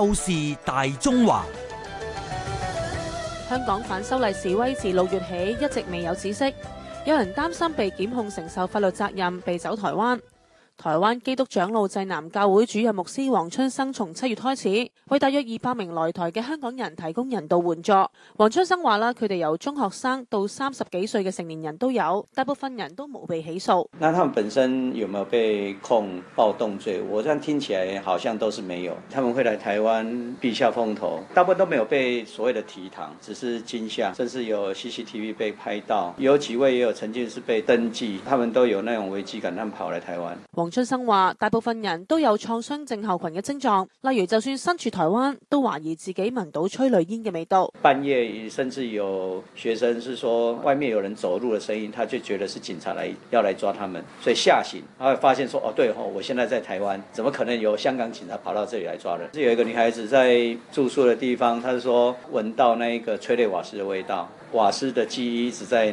透視大中華。香港反修例示威自六月起一直未有止息，有人擔心被檢控，承受法律責任，避走台灣。台灣基督長老濟南教會主任牧師黃春生從七月開始，為大約二百名來台嘅香港人提供人道援助。黃春生話啦，佢哋由中學生到三十幾歲嘅成年人都有，大部分人都冇被起訴。那他們本身有冇被控暴動罪？我聽起來好像都是沒有。他們會來台灣避下風頭，大部分都沒有被所謂的提堂，只是驚嚇，甚至有 CCTV 被拍到，有幾位也有曾經是被登記，他們都有那種危機感，佢哋跑嚟台灣。春生話，大部分人都有創傷症候群嘅症狀，例如就算身處台灣，都懷疑自己聞到催淚煙嘅味道。半夜甚至有學生是說，外面有人走路嘅聲音，他就覺得是警察來要來抓他們，所以吓醒，他會發現說：哦，對，我現在在台灣，怎麼可能有香港警察跑到這裡來抓人？是有一個女孩子在住宿嘅地方，她是說聞到那一個催淚瓦斯嘅味道，瓦斯的記憶一直在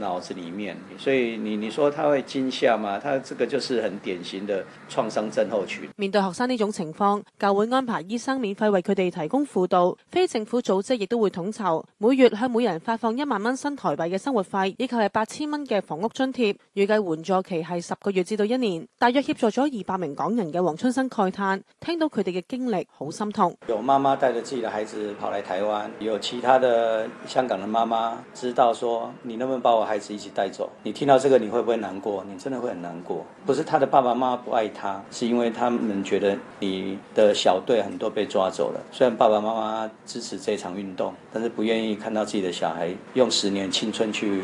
腦子裡面，所以你你說他會驚嚇嘛？他這個就是很點。典型的創傷症候群。面對學生呢種情況，教會安排醫生免費為佢哋提供輔導，非政府組織亦都會統籌，每月向每人發放一萬蚊新台幣嘅生活費，以及係八千蚊嘅房屋津貼，預計援助期係十個月至到一年。大約協助咗二百名港人嘅黃春生慨嘆，聽到佢哋嘅經歷好心痛。有媽媽帶着自己的孩子跑嚟台灣，有其他的香港的媽媽知道說，說你能不能把我孩子一起帶走？你聽到這個你會不會難過？你真的會很難過。不是他的。爸爸媽媽不愛他，是因為他們覺得你的小隊很多被抓走了。雖然爸爸媽媽支持這場運動，但是不願意看到自己的小孩用十年青春去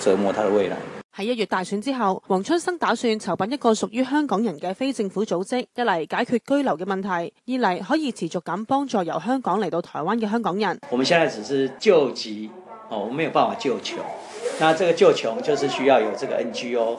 折磨他的未來。喺一月大選之後，黃春生打算籌辦一個屬於香港人嘅非政府組織，一嚟解決居留嘅問題，二嚟可以持續咁幫助由香港嚟到台灣嘅香港人。我們現在只是救急，哦，我們沒有辦法救窮。那這個救窮就是需要有這個 NGO。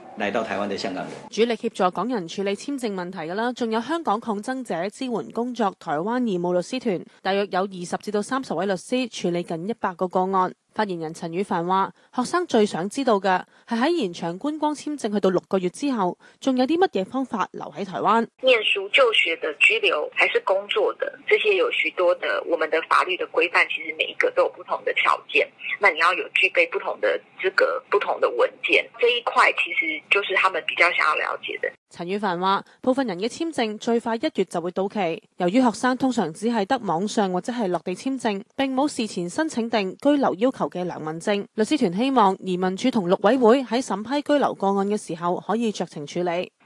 嚟到台灣嘅香港人，主力協助港人處理簽證問題㗎啦。仲有香港抗爭者支援工作，台灣義務律師團，大約有二十至到三十位律師處理近一百個個案。發言人陳宇凡話：學生最想知道嘅係喺延長觀光簽證去到六個月之後，仲有啲乜嘢方法留喺台灣念書就學的居留，還是工作的，這些有許多的我們的法律的規範，其實每一個都有不同的條件。那你要有具備不同的資格、不同的文件，這一塊其實就是他們比較想要了解的。陳宇凡話，部分人嘅簽證最快一月就會到期，由於學生通常只係得網上或者係落地簽證，並冇事前申請定居留要求嘅良民證。律師團希望移民署同陸委會喺審批居留個案嘅時候可以酌情處理。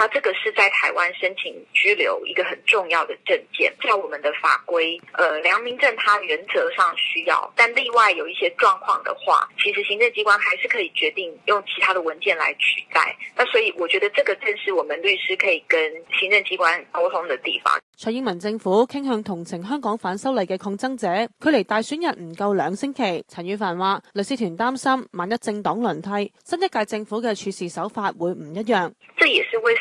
那這個是在台灣申請居留一個很重要的證件，在我們的法規，呃，良民證它原則上需要，但例外有一些狀況的話，其實行政機關還是可以決定用其他的文件來取代。那所以我覺得這個正是我們律師可以跟行政機關溝通的地方。蔡英文政府傾向同情香港反修例嘅抗爭者，距離大選日唔夠兩星期，陳宇凡話，律師團擔心萬一政黨輪替，新一屆政府嘅處事手法會唔一樣。這也是為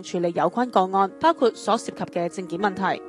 處理有關個案，包括所涉及嘅證件問題。